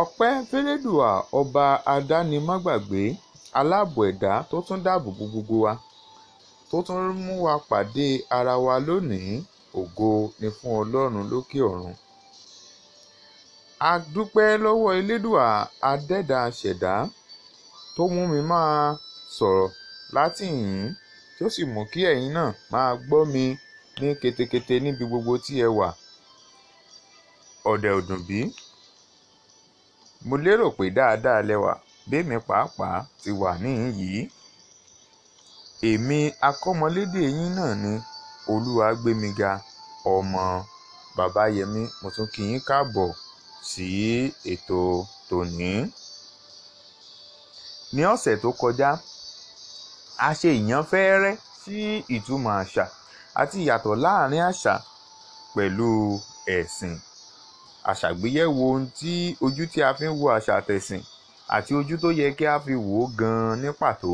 ọpẹ́ fẹ́lẹ́dùà ọba adánimágbàgbé aláàbò ẹ̀dá tó tún dáàbò bo gbogbo wa tó tún mú wa pàdé ara wa lónìí ògo ni fún ọlọ́run lókè ọ̀run a dúpẹ́ lọ́wọ́ elédùà adẹ́dà ṣẹ̀dá tó mú mi máa sọ̀rọ̀ láti yìn tí ó sì mú kí ẹ̀yin náà máa gbọ́ mi ní ketekete níbi gbogbo tí ẹ wà ọ̀dẹ̀ òdùnbí mo lérò pé dáadáa lẹ wà bẹ́mi pàápàá ti wà níhìn-ín èmi akọ́mọlédè yín náà ni olúwagbémiga ọmọ babayẹmi mo tún kí yín káàbọ̀ sí ètò tòní. ní ọ̀sẹ̀ tó kọjá a ṣe ìyànfẹ́rẹ́ sí ìtumọ̀ àṣà àti ìyàtọ̀ láàrin àṣà pẹ̀lú ẹ̀sìn. E aṣàgbéyẹ̀wò ohun tí ojú tí a fi ń wo àṣà àtẹ̀sìn àti ojú tó yẹ kí a fi wò ó gan-an ní pàtó.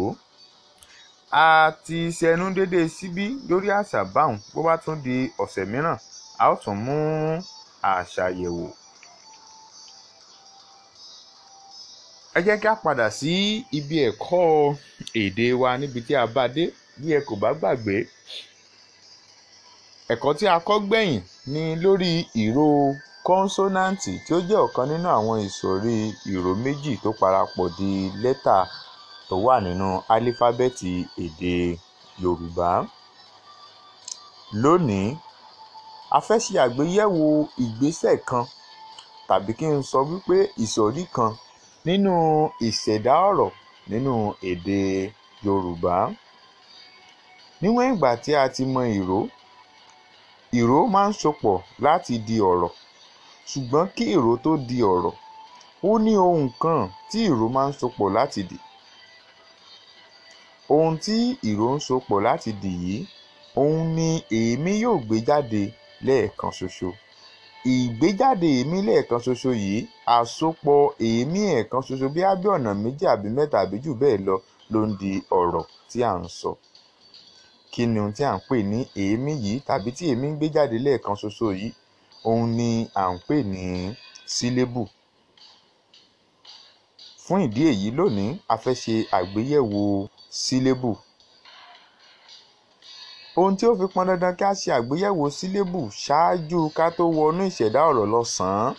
A ti ṣẹnu dédé síbí lórí àṣà báhùn bó bá tún di ọ̀sẹ̀ mìíràn a ó tún mú àṣà yẹ̀wò. Ẹ jẹ́ kí a padà sí ibi ẹ̀kọ́ èdè wa níbi tí a bá dé bí ẹ kò bá gbàgbé. Ẹ̀kọ́ tí a kọ́ gbẹ̀yìn ni lórí ìró Kọ́nsọ́náǹtì tí ó jẹ́ ọ̀kan nínú àwọn ìsọ̀rí ìró méjì tó parapọ̀ di lẹ́tà tó wà nínú álífábẹ́ẹ̀tì èdè Yorùbá. Lónìí, a fẹ́ ṣe àgbéyẹ̀wò ìgbésẹ̀ kan (tàbí kí n sọ wípé ìsọ̀rí kan) nínú ìṣẹ̀dá ọ̀rọ̀ nínú èdè Yorùbá. Níwọ̀n ìgbà tí a ti mọ ìró, ìró máa ń sopọ̀ láti di ọ̀rọ̀ ṣùgbọ́n kí èrò tó di ọ̀rọ̀ ó ní ohun kan tí ìró máa ń sopọ̀ láti dì ohun tí ìró ń sopọ̀ láti dì yìí òun ni èémí yóò gbé jáde lẹ́ẹ̀kan ṣoṣo ìgbéjáde èémí lẹ́ẹ̀kan ṣoṣo yìí àsopọ̀ èémí ẹ̀ẹ̀kan ṣoṣo bí á ọ̀nà méjì àbí mẹ́ta àbí jù bẹ́ẹ̀ lọ ló ń di ọ̀rọ̀ tí à ń sọ kí ni ohun tí à ń pè ní èémí yìí tàbí tí èémí ń gbé jáde lẹ́ẹ̀kan ṣoṣo yìí òun ni à ń pè ní sílébù. Fún ìdí èyí lónìí a fẹ́ ṣe àgbéyẹ̀wò sílébù. Ohun tí ó fi pọn dandan kí a ṣe àgbéyẹ̀wò sílébù ṣáájú ká tó wọnú ìṣẹ̀dá ọ̀rọ̀ lọ sàn-án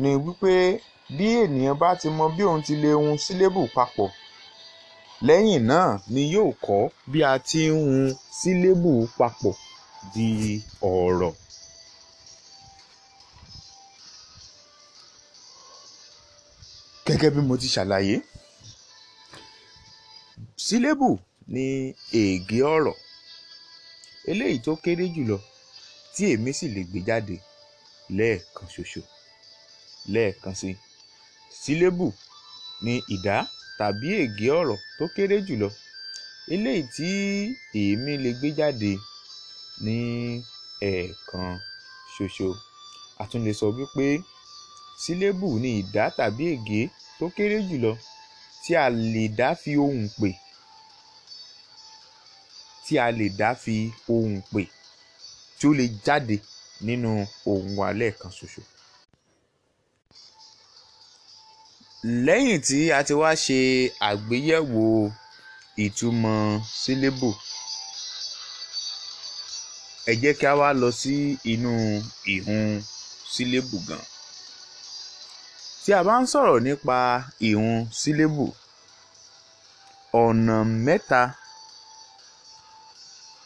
ni wípé bí ènìyàn bá ti mọ bí òun ti lè hun sílébù papọ̀, lẹ́yìn náà ni yóò kọ́ bí a ti ń hun sílébù papọ̀ di ọ̀rọ̀. gẹ́gẹ́ bí mo ti ṣàlàyé sílébù ni èègé ọ̀rọ̀ eléyìí tó kéré jùlọ tí èmi sì lè gbé jáde lẹ́ẹ̀kan ṣoṣo lẹ́ẹ̀kan sí sílébù ni ìdá tàbí èègé ọ̀rọ̀ tó kéré jùlọ eléyìí tí èmi lè gbé jáde ní ẹ̀ẹ̀kan ṣoṣo a tún lè sọ wípé. Sílébù ni ìdá tàbí ègé tó kéré jùlọ tí a lè dá fi ohùn pè tí a lè dá fi ohùn pè tí ó lè jáde nínú ohùn wa lẹ́ẹ̀kan ṣoṣo. Lẹ́yìn tí a ti wá ṣe àgbéyẹ̀wò ìtumọ̀ sílébù, ẹ jẹ́ kí á wá lọ sí inú ìhun sílébù gan-an. Tí a bá ń sọ̀rọ̀ nípa ìhun sílébù, ọ̀nà mẹ́ta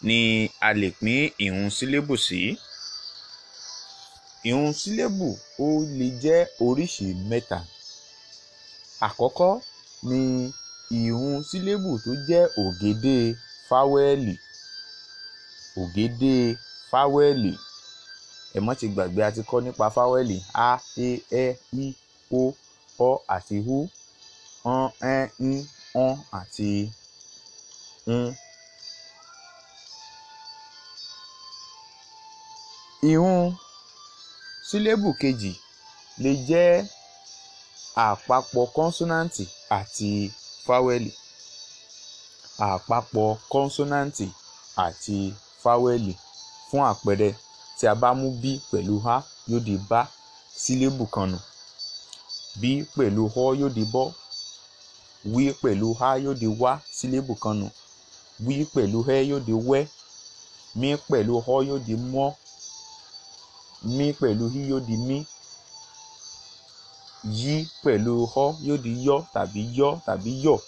ni a lè pín ìhun sílébù sí. Ìhun sílébù ó lè jẹ́ oríṣi mẹ́ta. Àkọ́kọ́ ni ìhun sílébù tó jẹ́ ògédé fáwẹ́ẹ̀lì. Ògédé fáwẹ́ẹ̀lì ẹ má ti gbàgbé a ti kọ́ nípa fáwẹ́ẹ̀lì a e ẹ e, i o, ọ àti u ọn ẹn ń ọ́n àti ń. Ìhun sílébù kejì lè jẹ́ àpapọ̀ kọ́nsọ́náǹtì àti fáwẹ́lì. Àpapọ̀ kọ́nsọ́náǹtì àti fáwẹ́lì fún àpẹẹrẹ, tí a bá mú b pẹ̀lú a yóò di bá sílébù kan nù bí pẹ̀lú họ yóò di bọ́ wí pẹ̀lú há yóò di wá sílébù kan nù wí pẹ̀lú hẹ́ yóò di wẹ́ mí pẹ̀lú họ yóò di mọ́ mí pẹ̀lú hí yóò di mí yí pẹ̀lú họ yóò di yọ́ tàbí yọ́ tàbí yọ̀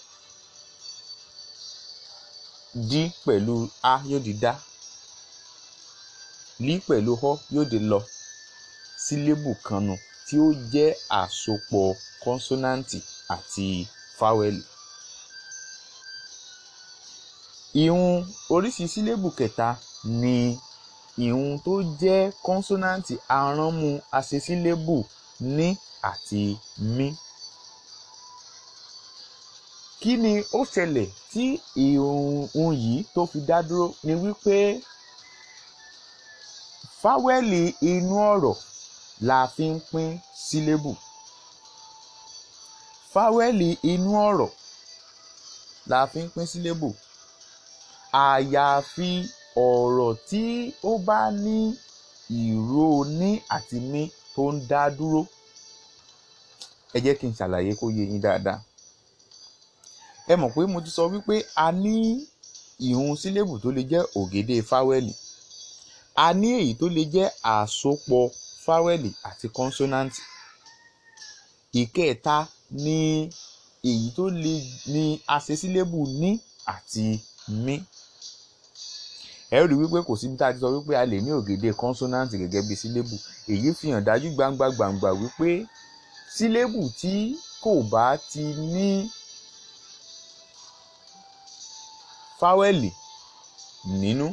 dí pẹ̀lú a yóò di dá lí pẹ̀lú họ yóò di lọ sílébù kan nù tí ó jẹ́ àsopọ̀ konsonanti àti fáwẹ́lì. Ìhun oríṣi sílébù kẹta ni ìhun tó jẹ́ kọ́nsọ́náǹtì aránmu asesílébù ní àti mí. Kí ni ó ṣẹlẹ̀ tí ìhun yìí tó fi dá dúró ni wípé fáwẹ́lì inú ọ̀rọ̀ la fi ń pín sílébù fáwẹ́lì inú ọ̀rọ̀ la fi ń pín sílébù àyàfi ọ̀rọ̀ tí ó bá ní ìró ní àti mí tó ń dá dúró ẹ jẹ́ kí n ṣàlàyé kó yé yín dáadáa ẹ mọ̀ pé mo ti sọ wípé a ní ìhun sílébù tó lè jẹ́ ògèdè fáwẹ́lì a ní èyí tó lè jẹ́ àsopọ̀ fáwẹ́lì àti kọ́ńsónáǹtì. ìkẹta ni èyí tó le ni asesílébù ní àti mí ẹ rí wípé kò síbi tá a ti sọ wípé a lè ní ògèdè kọ́ńsónáǹtì gẹ́gẹ́ bí sílébù èyí fi hàn dájú gbangba gbangba wípé sílébù tí kò bá ti ní fáwẹ́lì nínú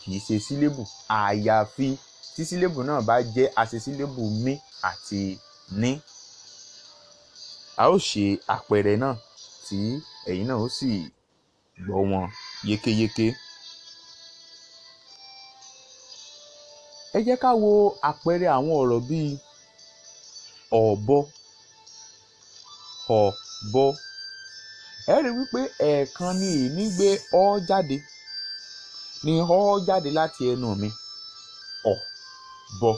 kì í ṣe sílébù àyàfi tí sílébù náà bá jẹ́ àṣesílébù mí àti ní a ó ṣe àpẹẹrẹ náà tí ẹ̀yin náà ó sì gbọ́ wọn yékéyéké. ẹ jẹ́ ká wo àpẹẹrẹ àwọn ọ̀rọ̀ bíi ọ̀bọ ọ̀bọ ẹ rí wípé ẹ̀ẹ̀kan ni èmi gbé ọ jáde ni ọ jáde láti ẹnu mi ọ̀bọ bọ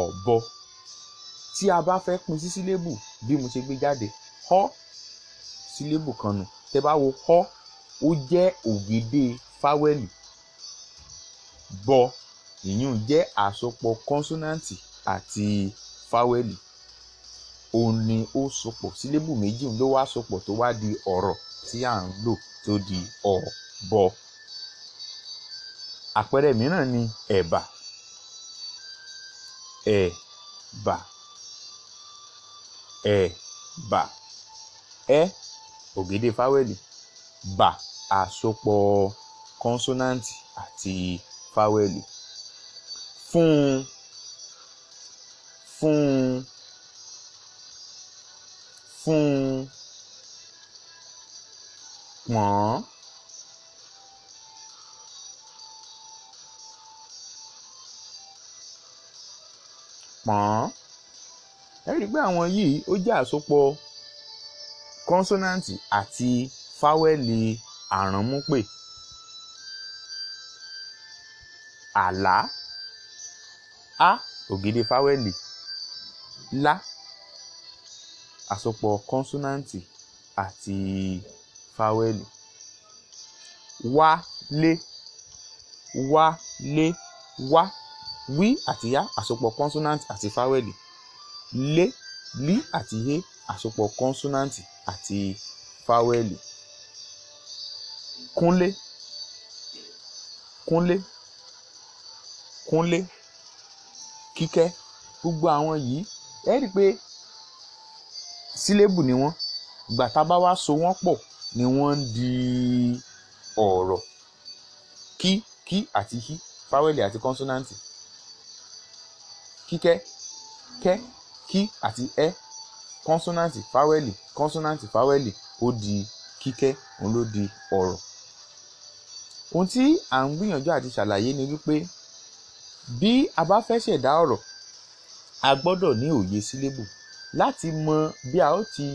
ọ̀bọ tí a bá fẹ́ pín sí sílébù bí mo ṣe gbé jáde họ sílébù kan nù tẹ bá wo họ ó jẹ́ ògèdè fáwẹ́lì bọ ìyún jẹ́ àsopọ̀ kọ́nsọ́nàǹtì àti fáwẹ́lì òun ni ó sopọ̀ sílébù méjì ló wá sopọ̀ tó wá di ọ̀rọ̀ tí à ń lò tó di ọ̀bọ àpẹẹrẹ mìíràn ni ẹ̀bà ẹ̀bà ẹ̀bà ẹ ògèdè fáwẹ́lì bà àsopọ̀ kọ́nsọ́náǹtì àti fáwẹ́lì fún fún fún pọ̀n. pọ́n ẹ rí i pé àwọn yìí ó jẹ́ àsopọ̀ kọ́nsọ́nàǹtì àti fáwẹ́lì àránmúpè àlá á ògèdè fáwẹ́lì lá àsopọ̀ kọ́nsọ́nàǹtì àti fáwẹ́lì wá lé wá lé wá wí àti yá àsopọ̀ consonant àti fáwẹ́lì lé lí àti yé àsopọ̀ consonant àti fáwẹ́lì kúnlé kúnlé kúnlé kíkẹ́ gbogbo àwọn yìí ẹ rí i pé sílébù ni wọ́n ìgbà tá a bá wá so wọ́n pọ̀ ni wọ́n ń di ọ̀rọ̀ kí kí àti hí fáwẹ́lì àti kọ́nsọ́náǹtì kíkẹ́ kẹ́ kí àti ẹ́ kọ́nsọ́náǹtì fáwẹ́lì kọ́nsọ́náǹtì fáwẹ́lì ó di kíkẹ́ òun ló di ọ̀rọ̀. ohun tí à ń gbìyànjú àti ṣàlàyé ni wípé bí a bá fẹ́ ṣẹ̀dá ọ̀rọ̀ a gbọ́dọ̀ ní òye sílébù láti mọ bí a ó ti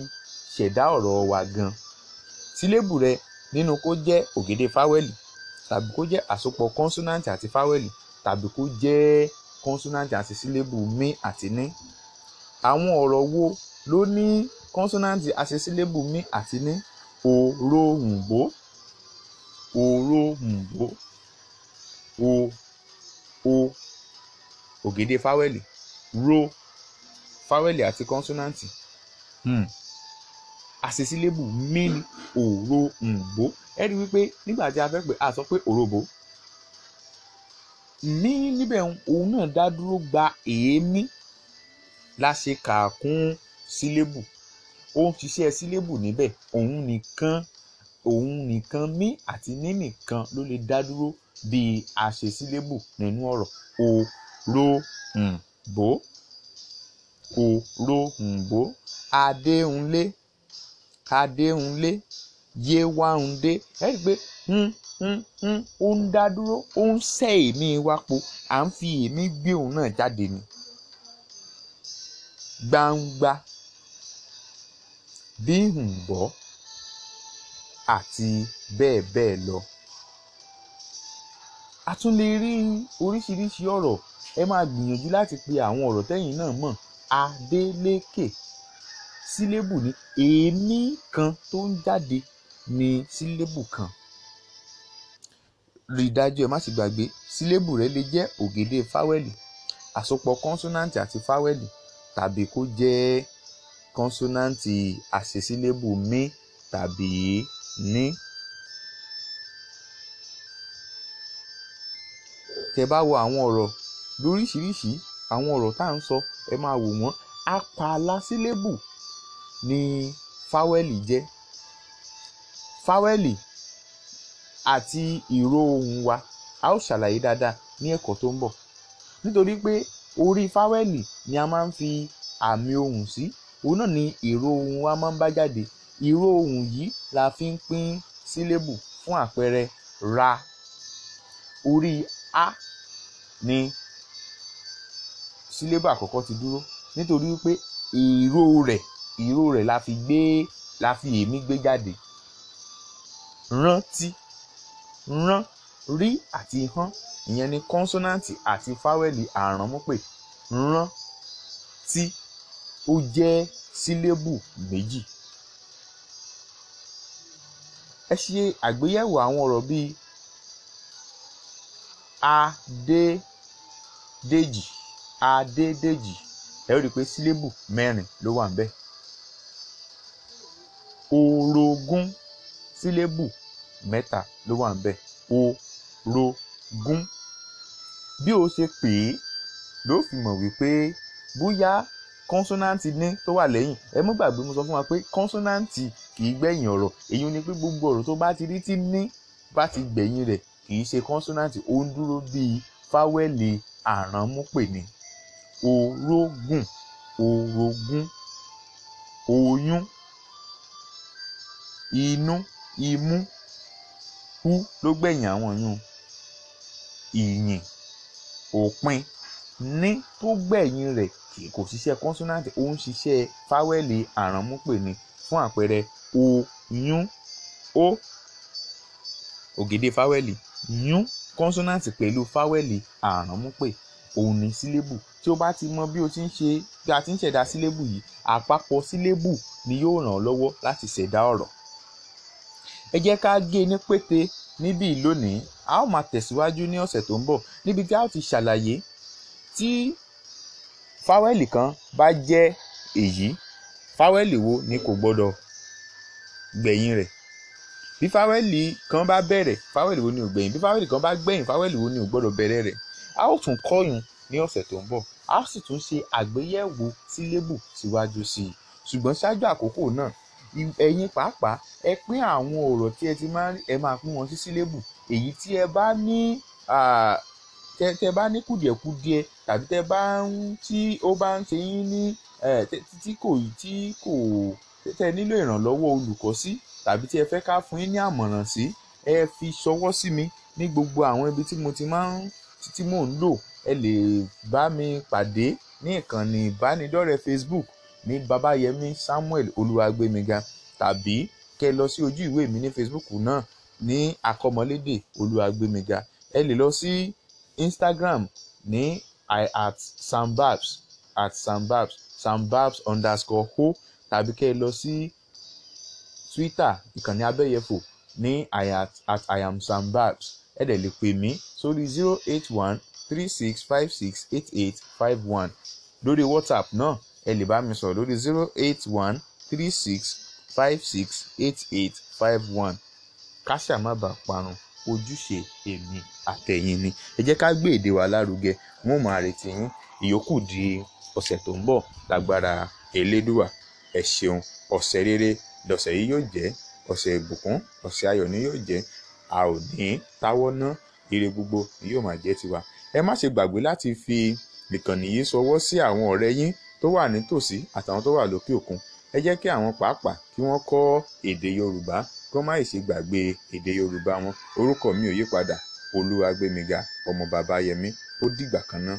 ṣẹ̀dá ọ̀rọ̀ wa gan. sílébù rẹ nínú kó jẹ́ ògèdè fáwẹ́lì tàbí kó jẹ́ àsopọ̀ kọ́nsọ́náǹtì àti fáwẹ́lì tàbí kó jẹ́ kọ́nsọ́nàǹtì àti sílébù mí àti ní àwọn ọ̀rọ̀ wo ló ní kọ́nsọ́nàǹtì àti sílébù mí àti ní òróǹbó òróǹbó o o ògèdè fáwẹ́lì ro fáwẹ́lì àti kọ́nsọ́nàǹtì hmm. àṣesílébù mí ni òróǹbó ẹ rí i wípé nígbà tí a fẹ́ pè á sọ pé òróǹbó mí níbẹ̀ òun náà dá dúró gba èémí la ṣe kà kún sílébù ó ń ṣiṣẹ́ sílébù níbẹ̀ òun nìkan òun nìkan mí àti ní nìkan ló lè dá dúró bí a ṣe sílébù nínú ọ̀rọ̀ o ro n bo o ro n bo adéhùnlé adéhùnlé yéwáhùndé ẹ rí i ń ń ó ń dá dúró ó ń sẹ́ èémí wa po à ń fi èémí gbé òun náà jáde ni. gbangba bí ǹbọ́ àti bẹ́ẹ̀ bẹ́ẹ̀ lọ. a tún lè rí oríṣiríṣi ọ̀rọ̀ ẹ máa gbìyànjú láti pe àwọn ọ̀rọ̀ tẹ́yìn náà mọ̀ Adélékè sílébù ni èémí kan tó ń jáde ní sílébù kan rí i dájú ẹ má sì gbàgbé sílébù rẹ lè jẹ́ ògèdè fáwẹ́lì àsopọ̀ kọ́nsọ́náǹtì àti fáwẹ́lì tàbí kó jẹ́ kọ́nsọ́náǹtì àṣesílébù mí tàbí ní. tẹ́ bá wo àwọn ọ̀rọ̀ lóríṣiríṣi àwọn ọ̀rọ̀ tá à ń sọ ẹ máa wò wọ́n apààlà sílébù ni fáwẹ́lì jẹ́ fáwẹ́lì àti ìró ohùn wa a ó ṣàlàyé dáadáa ní ẹ̀kọ́ tó ń bọ̀ nítorí pé orí fáwẹ́lì ni a máa ń fi àmì ohùn sí òun náà ni ìró ohùn wa máa ń bá jáde ìró ohùn yìí la fi ń pín sílébù fún àpẹẹrẹ ra orí a ni sílébù àkọ́kọ́ ti dúró nítorí pé ìró rẹ̀ ìró rẹ̀ la fi gbé la fi èémí gbé jáde rántí rán rí àti hán ìyẹn ni kọ́nsọ́nàǹtì àti fáwẹ́lì àránmúpè rán tí ó jẹ́ sílébù méjì. ẹ ṣe àgbéyẹ̀wò àwọn ọ̀rọ̀ bíi adédèjì adédèjì ẹ rí i pé sílébù mẹ́rin ló wà ń bẹ̀ orogún sílébù mẹ́ta ló wà níbẹ̀ orogún bí o ṣe pè é ló fi mọ̀ wípé bóyá kọ́nsọ́náǹtì ní tó wà lẹ́yìn ẹ mú gbàgbé mo sọ fún wa pé kọ́nsọ́náǹtì kì í gbẹ̀yìn ọ̀rọ̀ èyí ni pé gbogbo ọ̀rọ̀ tó bá ti rí tí ní bá ti gbẹ̀yìn rẹ̀ kì í ṣe kọ́nsọ́náǹtì ó ń dúró bíi fáwẹ́lì àránmúpè ni orógùn orogún oyún inú imú ikú ló gbẹ̀yìn àwọn yún ìyìn òpin ní tó gbẹ̀yìn rẹ̀ kò ṣiṣẹ́ kọ́nsọ́nàtì ó ń ṣiṣẹ́ fáwẹ́lì àránmúpè ni fún àpẹẹrẹ o yún ó ògèdè fáwẹ́lì yún kọ́nsọ́nàtì pẹ̀lú fáwẹ́lì àránmúpè òun ní sílébù tí o bá ti mọ bí o ti ń ṣe bí a ti ń ṣẹ̀dá sílébù yìí àpapọ̀ sílébù ni yóò ràn ọ́ lọ́wọ́ láti ṣẹ̀dá ọ̀rọ̀ ẹ jẹ́ ká gé e ní pété níbí lónìí a ó máa tẹ̀síwájú ní ọ̀sẹ̀ tó ń bọ̀ níbi tí a ó ti ṣàlàyé tí fáwẹ́lì kan bá jẹ́ èyí fáwẹ́lì wo ni kò gbọ́dọ̀ gbẹ̀yìn rẹ̀ bí fáwẹ́lì kan bá bẹ̀rẹ̀ fáwẹ́lì wo ni ò gbẹ̀yìn bí fáwẹ́lì kan bá gbẹ̀yìn fáwẹ́lì wo ni ò gbọ́dọ̀ bẹ̀rẹ̀ rẹ̀ a ó tún kọ́yùn ní ọ̀sẹ̀ tó ń bọ̀ a ó sì tún ṣe àgbéyẹ̀wò sílébù síwájú sí i ṣùgbọ́n ṣáájú àkókò náà ẹ̀yin pàápàá ẹ pín àwọn ọ̀rọ̀ tí ẹ ti máa ń ẹ máa pín wọn sí sílébù èyí tí ẹ bá ní tẹ bá ní kùdìẹ̀kudiẹ tàbí tẹ bá ń tí ó bá ń ṣe yín ní tí kò tí kò tẹ nílò ìrànlọ́wọ́ olùkọ́ sí tàbí tí ẹ fẹ́ ká fún yín ní àmọ̀ràn sí ẹ fi ṣọwọ́ sí mi ní gbogbo àwọn ibi tí mo ti máa ń tí mò ń lò ẹ lè bá mi pàdé ní ìkànnì ìbánidọ́rẹ̀ẹ́ Facebook ní babayemi samuel olúwàgbémiga tàbí kẹ lọ sí ojú ìwé mi ní facebook náà ní akọmọlédè olúwàgbémiga ẹ lè lọ sí instagram ní i at sambabs at sambabs sambabs underscore ho tàbí kẹ lọ sí twitter ìkànnì abẹ́yẹfò ní i at at i am sambabs ẹ dẹ̀ lè pè mí sórí zero eight one three six five six eight eight five one lórí whatsapp náà ẹ lè bá mi sọ̀rọ̀ lórí zero eight one three six five six eight eight five one káṣà má bàa parun ojúṣe èmi àtẹ̀yìn ni ẹ jẹ́ ká gbé èdè wa lárugẹ wọn ò máa retí yín ìyókù di ọ̀sẹ̀ tó ń bọ̀ lágbára elédùà ẹ ṣeun ọ̀sẹ̀ rere lọ̀sẹ̀ yìí yóò jẹ́ ọ̀sẹ̀ ìbùkún ọ̀sẹ̀ ayọ̀ ni yóò jẹ́ a ò ní táwọ́ ná ire gbogbo ni yóò máa jẹ́ tiwa ẹ má ṣe gbàgbé láti fi ìkànnì yìí ṣọwọ́ sí àwọn ọ̀rẹ́ yín tó wà nítòsí àtàwọn tó wà lókè òkun ẹ jẹ́ kí àwọn pàápàá kí wọ́n kọ́ èdè yorùbá kí wọ́n má ṣe gbàgbé èdè yorùbá wọn orúkọ mi ò yípadà olúwàgbémiga ọmọ bàbá yẹmi ó dìgbà kan náà